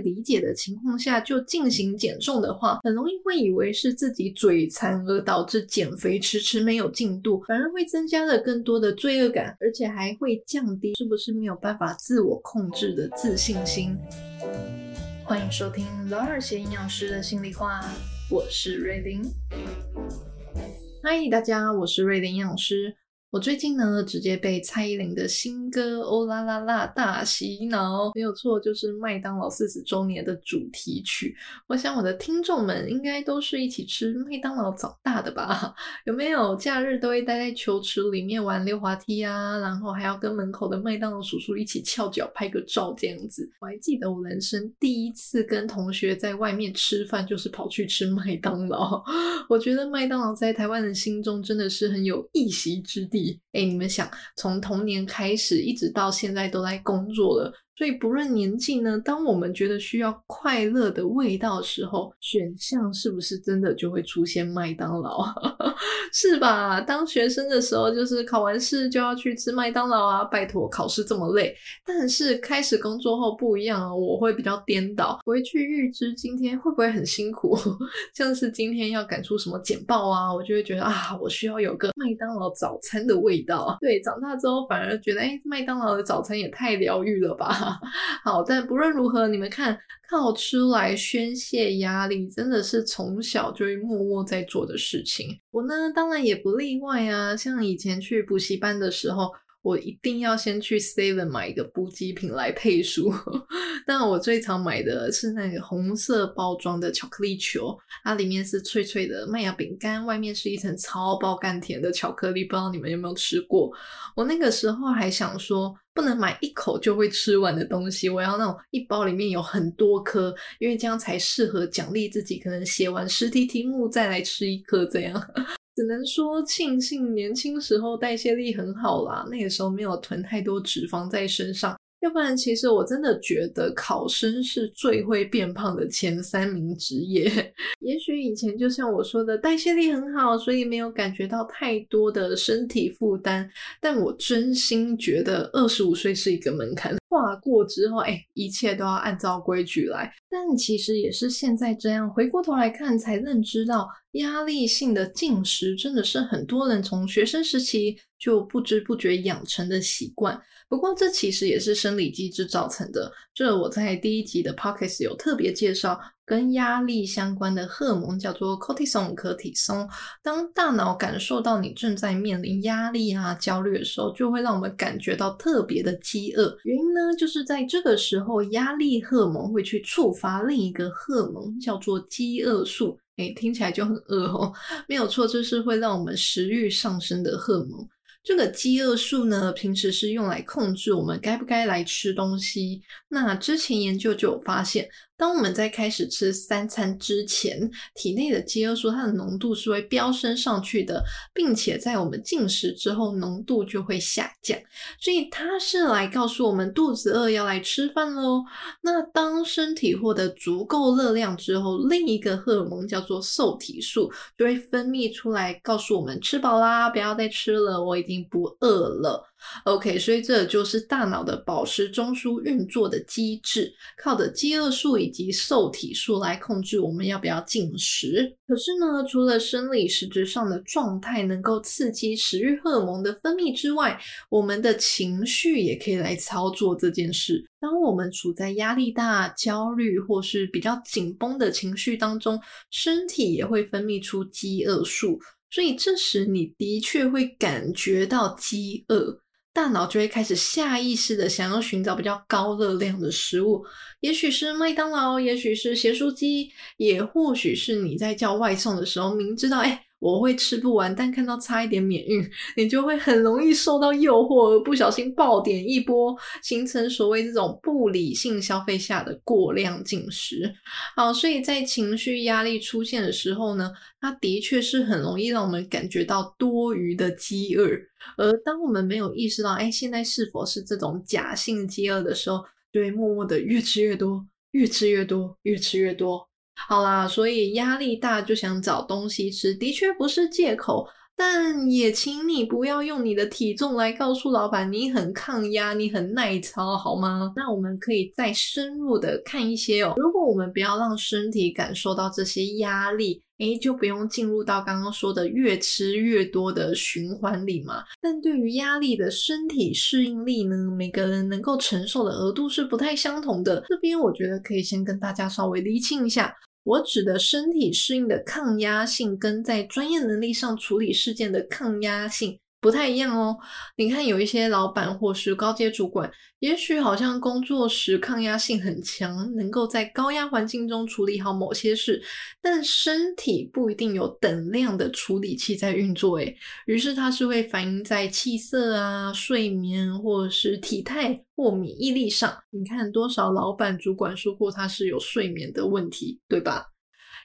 理解的情況下就進行減重的話，很容易會以為是自己嘴饞而導致減肥遲遲沒有進度，反而會增加了更多的罪惡感，而且還會降低是不是沒有辦法自我控制的自信心。歡迎收聽 Lar 些營養師的心裡話，我是瑞玲。嗨，大家，我是瑞玲營養師。我最近呢，直接被蔡依林的新歌《歐啦啦啦》大洗腦，沒有錯，就是麥當勞四十週年的主題曲。我想我的聽眾們應該都是一起吃麥當勞長大的吧？有沒有假日都會待在球池裡面玩溜滑梯啊？然後還要跟門口的麥當勞叔叔一起翹腳拍個照，這樣子。我還記得我人生第一次跟同學在外面吃飯，就是跑去吃麥當勞。我覺得麥當勞在台灣人心中真的是很有一席之地。欸，你們想從童年開始一直到現在都在工作了。所以不論年紀呢，當我們覺得需要快樂的味道的時候，選項是不是真的就會出現麥當勞？ 是吧？當學生的時候，就是考完試就要去吃麥當勞啊！拜托，考試這麼累。但是開始工作後不一樣啊，我會比較顛倒，回去預知今天會不會很辛苦， 像是今天要趕出什麼簡報啊，我就會覺得啊，我需要有個麥當勞早餐的味道。對，長大之後反而覺得，哎、欸，麥當勞的早餐也太療癒了吧。 好，但不論如何，你們看，靠吃來宣洩壓力，真的是從小就會默默在做的事情。我呢，當然也不例外啊，像以前去補習班的時候。我一定要先去 Seven 買一個補給品來配書，但我最常買的是那個紅色包裝的巧克力球，它裡面是脆脆的麥芽餅乾，外面是一層超爆甘甜的巧克力，不知道你們有沒有吃過？我那個時候還想說，不能買一口就會吃完的東西，我要那種一包裡面有很多顆，因為這樣才適合獎勵自己，可能寫完十題題目再來吃一顆，這樣。只能說慶幸年輕時候代謝力很好啦，那個時候沒有囤太多脂肪在身上，要不然其實我真的覺得考生是最會變胖的前三名職業。 也許以前就像我說的代謝力很好，所以沒有感覺到太多的身體負擔，但我真心覺得二十五歲是一個門檻。化過之後，誒，一切都要按照規矩來。但其實也是現在這樣，回過頭來看才認知到，壓力性的進食真的是很多人從學生時期就不知不覺養成的習慣。不過這其實也是生理機制造成的，這我在第一集的 podcast 有特別介紹。跟壓力相關的荷爾蒙叫做 cortisol 可體松。當大腦感受到你正在面臨壓力啊、焦慮的時候，就會讓我們感覺到特別的飢餓。原因呢，就是在這個時候，壓力荷爾蒙會去觸發另一個荷爾蒙，叫做飢餓素。誒，聽起來就很餓哦。沒有錯，這是會讓我們食欲上升的荷爾蒙。這個飢餓素呢，平時是用來控制我們該不該來吃東西。那之前研究就有發現。當我們在開始吃三餐之前，體內的飢餓素它的濃度是會飆升上去的，並且在我們進食之後，濃度就會下降。所以它是來告訴我們肚子餓，要來吃飯嘍。那當身體獲得足夠熱量之後，另一個荷爾蒙叫做瘦體素就會分泌出來，告訴我們吃飽啦，不要再吃了，我已經不餓了。OK，所以這就是大腦的飽食中樞運作的機制，靠的飢餓素以及瘦體素來控制我們要不要進食。可是呢，除了生理實質上的狀態能夠刺激食欲荷爾蒙的分泌之外，我們的情緒也可以來操作這件事。當我們處在壓力大、焦慮或是比較緊繃的情緒當中，身體也會分泌出飢餓素，所以這時你的確會感覺到飢餓。大腦就會開始下意識的想要尋找比較高熱量的食物，也許是麥當勞，也許是鹽酥雞，也或許是你在叫外送的時候，明知道，誒、欸我會吃不完，但看到差一點免運，你就會很容易受到誘惑，而不小心爆點一波，形成所謂這種不理性消費下的過量進食。好，所以在情緒壓力出現的時候呢，它的確是很容易讓我們感覺到多餘的飢餓，而當我們沒有意識到，哎，現在是否是這種假性飢餓的時候，就會默默的越吃越多，越吃越多，越吃越多。好啦，所以壓力大就想找東西吃，的確不是借口，但也請你不要用你的體重來告訴老闆你很抗壓，你很耐操，好嗎？那我們可以再深入的看一些哦。如果我們不要讓身體感受到這些壓力，哎、欸，就不用進入到剛剛說的越吃越多的循環裡嘛。但對於壓力的身體適應力呢，每個人能夠承受的額度是不太相同的。這邊我覺得可以先跟大家稍微理清一下。我指的身體適應的抗壓性，跟在專業能力上處理事件的抗壓性，不太一樣哦，你看有一些老板或是高階主管，也許好像工作時抗壓性很強，能夠在高壓環境中處理好某些事，但身體不一定有等量的處理器在運作，哎，於是它是會反映在氣色啊、睡眠或是體態或免疫力上。你看多少老板主管說過他是有睡眠的問題，對吧？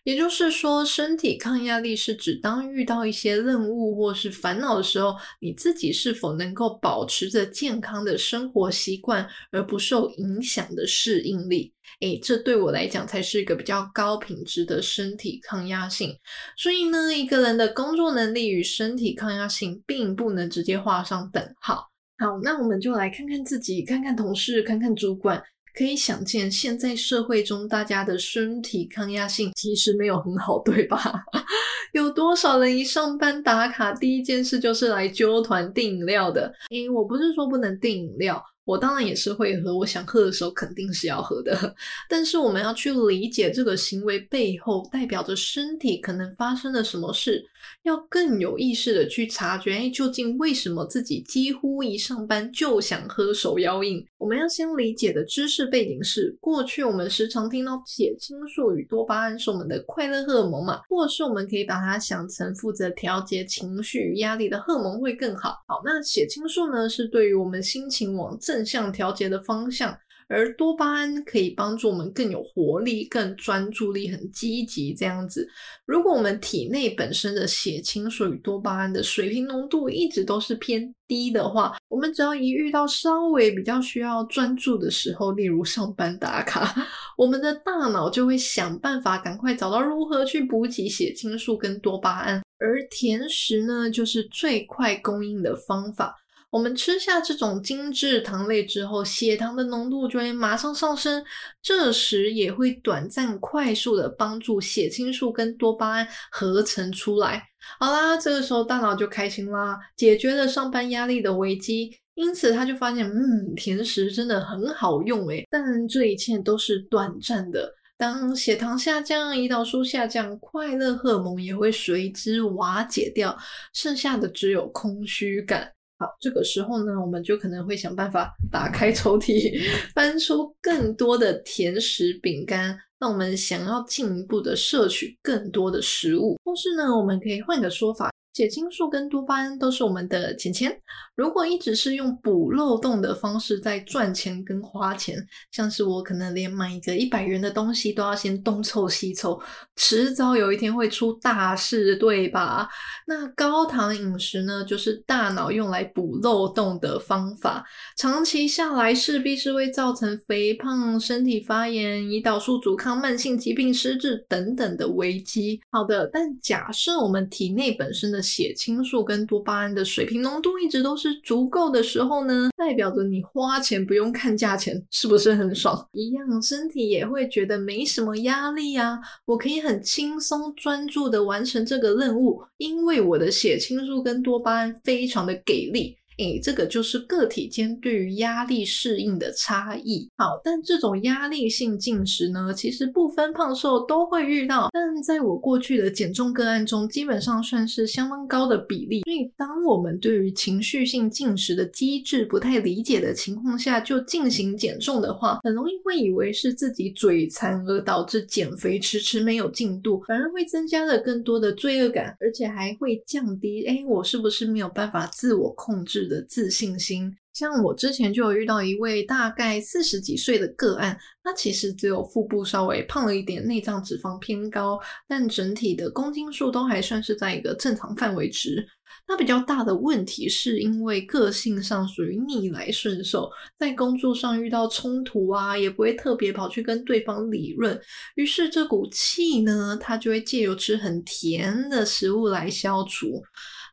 也就是說，身體抗壓力是指當遇到一些任務或是煩惱的時候，你自己是否能夠保持着健康的生活習慣而不受影響的適應力。誒，這對我來講才是一個比較高品質的身體抗壓性。所以呢，一個人的工作能力與身體抗壓性並不能直接劃上等號。好，那我們就來看看自己，看看同事，看看主管。可以想見，現在社會中大家的身體抗壓性其實沒有很好，對吧？ 有多少人一上班打卡，第一件事就是來揪團訂飲料的？誒，我不是說不能訂飲料，我當然也是會喝，我想喝的時候肯定是要喝的。但是我們要去理解這個行為背後代表着身體可能發生了什麼事。要更有意識地去察覺，哎，究竟為什麼自己幾乎一上班就想喝手搖飲？我們要先理解的知識背景是，過去我們時常聽到血清素與多巴胺是我們的快樂荷爾蒙嘛，或是我們可以把它想成負責調節情緒與壓力的荷爾蒙會更好。好，那血清素呢，是對於我們心情往正向調節的方向。而多巴胺可以幫助我們更有活力、更專注力、很積極這樣子。如果我們體內本身的血清素與多巴胺的水平濃度一直都是偏低的話，我們只要一遇到稍微比較需要專注的時候，例如上班打卡，我們的大腦就會想辦法趕快找到如何去補給血清素跟多巴胺。而甜食呢，就是最快供應的方法。我們吃下這種精致糖類之後，血糖的濃度就會馬上上升，這時也會短暫快速的幫助血清素跟多巴胺合成出來。好啦，這個時候大腦就開心啦，解決了上班壓力的危機。因此他就發現，嗯，甜食真的很好用誒。但這一切都是短暫的。當血糖下降，胰島素下降，快樂荷爾蒙也會隨之瓦解掉，剩下的只有空虛感。好，這個時候呢，我們就可能會想辦法打開抽屜，翻出更多的甜食餅乾。那我們想要進一步的攝取更多的食物，同時呢，我們可以換個說法。血清素跟多巴胺都是我們的錢錢。如果一直是用補漏洞的方式在賺錢跟花錢，像是我可能連買一個一百元的東西都要先東湊西湊，遲早有一天會出大事，對吧？那高糖飲食呢，就是大腦用來補漏洞的方法，長期下來勢必是會造成肥胖、身體發炎、胰島素阻抗、慢性疾病、失智等等的危機。好的，但假設我們體內本身的。血清素跟多巴胺的水平濃度一直都是足夠的時候呢，代表着你花錢不用看價錢，是不是很爽？一樣，身體也會覺得沒什麼壓力啊，我可以很輕鬆專注的完成這個任務，因為我的血清素跟多巴胺非常的給力。誒，這個就是個體間對於壓力適應的差異。好，但這種壓力性進食呢，其實不分胖瘦都會遇到。但在我過去的減重個案中，基本上算是相當高的比例。所以，當我們對於情緒性進食的機制不太理解的情況下，就進行減重的話，很容易會以為是自己嘴饞而導致減肥遲遲沒有進度，反而會增加了更多的罪惡感，而且還會降低，誒，我是不是沒有辦法自我控制？的自信心，像我之前就有遇到一位大概四十幾歲的個案，他其實只有腹部稍微胖了一點，內臟脂肪偏高，但整體的公斤數都還算是在一個正常範圍值。那比較大的問題是因為個性上屬於逆來順受，在工作上遇到衝突啊，也不會特別跑去跟對方理論，於是這股氣呢，他就會借由吃很甜的食物來消除。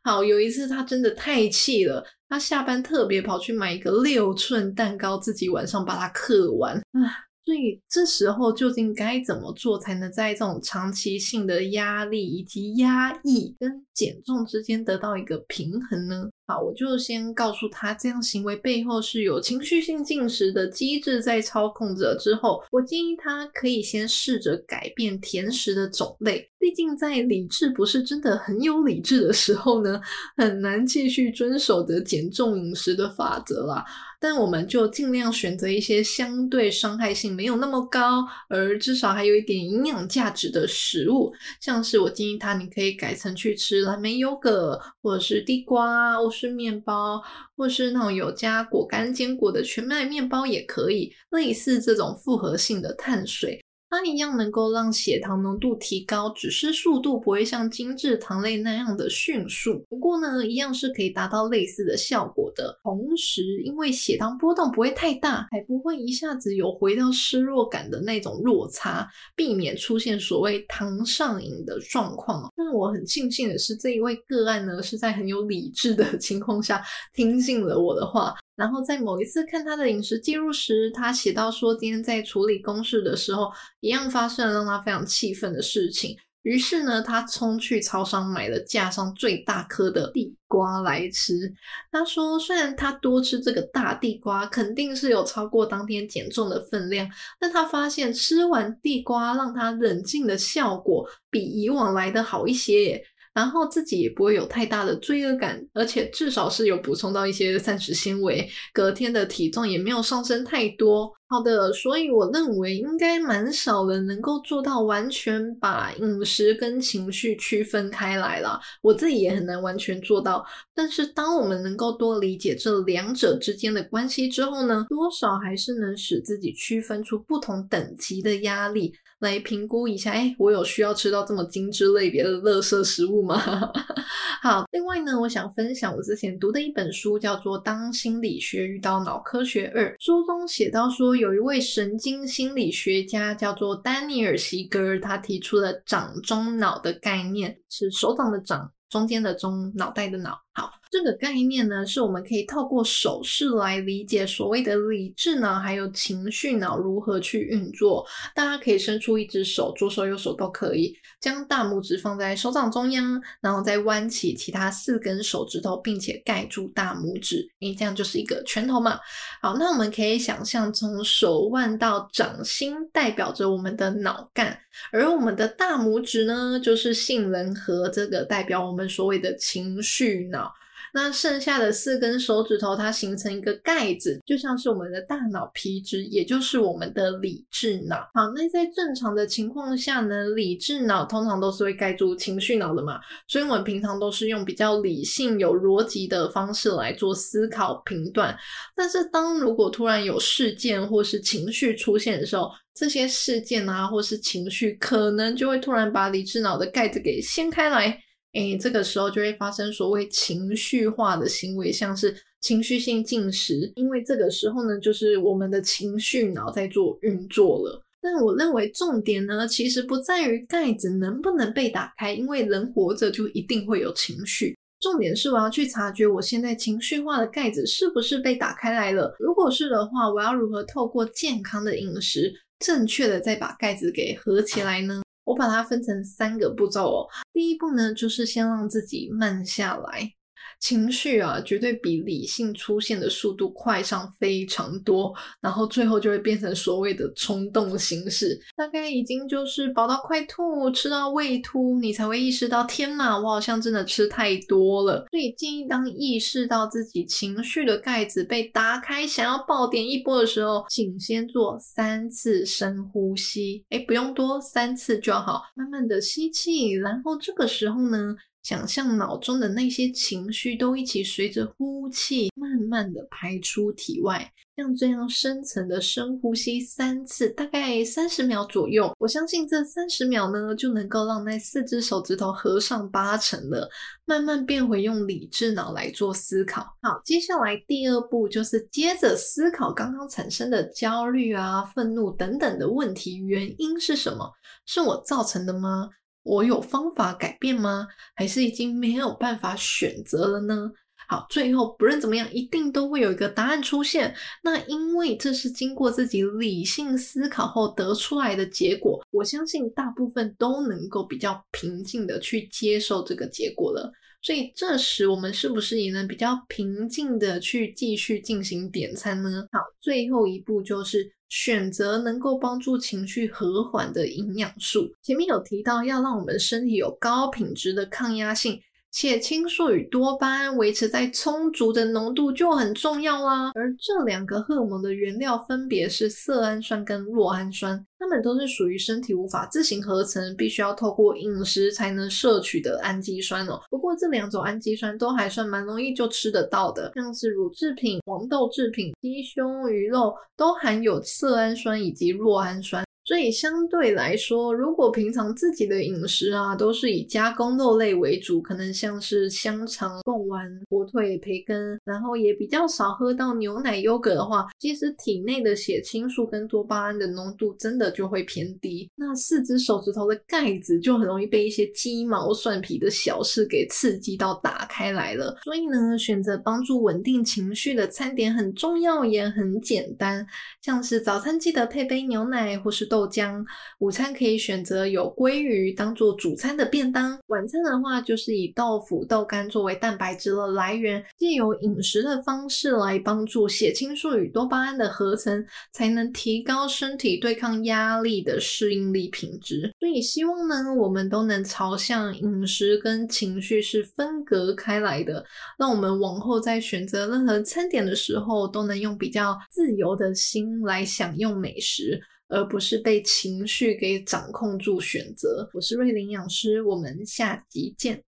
好，有一次他真的太氣了，他下班特別跑去買一個六吋蛋糕，自己晚上把它嗑完。啊，所以這時候究竟該怎麼做，才能在這種長期性的壓力以及壓抑跟減重之間得到一個平衡呢？好，我就先告訴他，這樣行為背後是有情緒性進食的機制在操控着。之後，我建議他可以先試着改變甜食的種類。畢竟，在理智不是真的很有理智的時候呢，很難繼續遵守的減重飲食的法則啦。但我們就盡量選擇一些相對傷害性沒有那麼高，而至少還有一點營養價值的食物，像是我建議他，你可以改成去吃。藍莓優格，或者是地瓜，或是麵包，或是那種有加果乾、堅果的全麥麵包也可以，類似這種複合性的碳水。它一樣能夠讓血糖濃度提高，只是速度不會像精製糖類那樣的迅速。不過呢，一樣是可以達到類似的效果的。同時，因為血糖波動不會太大，還不會一下子有回到失落感的那種落差，避免出現所謂糖上癮的狀況。那我很慶幸的是，這一位個案呢是在很有理智的情況下聽進了我的話。然後在某一次看他的飲食記錄時，他寫到說，今天在處理公事的時候，一樣發生了讓他非常氣憤的事情。於是呢，他衝去超商買了架上最大顆的地瓜來吃。他說，雖然他多吃這個大地瓜肯定是有超過當天減重的分量，但他發現吃完地瓜讓他冷靜的效果比以往來得好一些。然後自己也不會有太大的罪惡感，而且至少是有補充到一些膳食纖維，隔天的體重也沒有上升太多。好的，所以我認為應該蠻少人能夠做到完全把飲食跟情緒區分開來了。我自己也很難完全做到，但是當我們能夠多理解這兩者之間的關係之後呢，多少還是能使自己區分出不同等級的壓力。來評估一下，哎，我有需要吃到這麼精緻類別的垃圾食物嗎？ 好，另外呢，我想分享我之前讀的一本書，叫做《當心理學遇到腦科學二》。書中寫到說，有一位神經心理學家叫做丹尼爾·西格爾，他提出了“掌中腦”的概念，是手掌的掌，中間的中，腦袋的腦。好，這個概念呢，是我們可以透過手勢來理解所謂的理智腦還有情緒腦如何去運作。大家可以伸出一隻手，左手右手都可以，將大拇指放在手掌中央，然後再彎起其他四根手指頭，並且蓋住大拇指，你、哎、這樣就是一個拳頭嘛。好，那我們可以想象，從手腕到掌心代表着我們的腦幹，而我們的大拇指呢，就是杏仁核，這個代表我們所謂的情緒腦。那剩下的四根手指頭，它形成一個蓋子，就像是我們的大腦皮質，也就是我們的理智腦。好，那在正常的情況下呢，理智腦通常都是會蓋住情緒腦的嘛，所以我們平常都是用比較理性、有邏輯的方式來做思考、評斷。但是當如果突然有事件或是情緒出現的時候，這些事件啊或是情緒可能就會突然把理智腦的蓋子給掀開來。哎，這個時候就會發生所謂情緒化的行為，像是情緒性進食，因為這個時候呢，就是我們的情緒腦在做運作了。但我認為重點呢，其實不在於蓋子能不能被打開，因為人活着就一定會有情緒。重點是我要去察覺我現在情緒化的蓋子是不是被打開來了。如果是的話，我要如何透過健康的飲食，正確的再把蓋子給合起來呢？我把它分成三個步驟哦，第一步呢，就是先讓自己慢下來。情緒啊，絕對比理性出現的速度快上非常多，然後最後就會變成所謂的衝動行事，大概已經就是飽到快吐、吃到胃突，你才會意識到：天哪，我好像真的吃太多了。所以建議，當意識到自己情緒的蓋子被打開，想要爆點一波的時候，請先做三次深呼吸。誒，不用多，三次就好，慢慢的吸氣，然後這個時候呢。想象腦中的那些情緒都一起隨着呼氣慢慢地排出體外，像這樣深層的深呼吸三次，大概三十秒左右。我相信這三十秒呢，就能夠讓那四隻手指頭合上八成了，慢慢變回用理智腦來做思考。好，接下來第二步就是接着思考剛剛產生的焦慮啊、憤怒等等的問題，原因是什麼？是我造成的嗎？我有方法改變嗎？還是已經沒有辦法選擇了呢？好，最後不論怎麼樣，一定都會有一個答案出現。那因為這是經過自己理性思考後得出來的結果，我相信大部分都能夠比較平靜的去接受這個結果了。所以這時我們是不是也能比較平靜的去繼續進行點餐呢？好，最後一步就是。選擇能夠幫助情緒和緩的營養素。前面有提到，要讓我們身體有高品質的抗壓性。且，清素與多巴胺維持在充足的濃度就很重要啦。而這兩個荷爾蒙的原料分別是色氨酸跟酪氨酸，它們都是屬於身體無法自行合成，必須要透過飲食才能攝取的氨基酸哦、喔。不過這兩種氨基酸都還算蠻容易就吃得到的，像是乳製品、黃豆製品、雞胸魚肉都含有色氨酸以及酪氨酸。所以相對來說，如果平常自己的飲食啊都是以加工肉類為主，可能像是香腸、貢丸、火腿、培根，然後也比較少喝到牛奶、優格的話，其實體內的血清素跟多巴胺的濃度真的就會偏低。那四隻手指頭的蓋子就很容易被一些雞毛蒜皮的小事給刺激到打開來了。所以呢，選擇幫助穩定情緒的餐點很重要，也很簡單，像是早餐記得配杯牛奶或是。豆漿，午餐可以選擇有鮭魚當做主餐的便當。晚餐的話，就是以豆腐、豆乾作為蛋白質的來源，借由飲食的方式來幫助血清素與多巴胺的合成，才能提高身體對抗壓力的適應力品質。所以，希望呢，我們都能朝向飲食跟情緒是分隔開來的，讓我們往後在選擇任何餐點的時候，都能用比較自由的心來享用美食。而不是被情緒給掌控住選擇。我是瑞林營養師，我們下集見。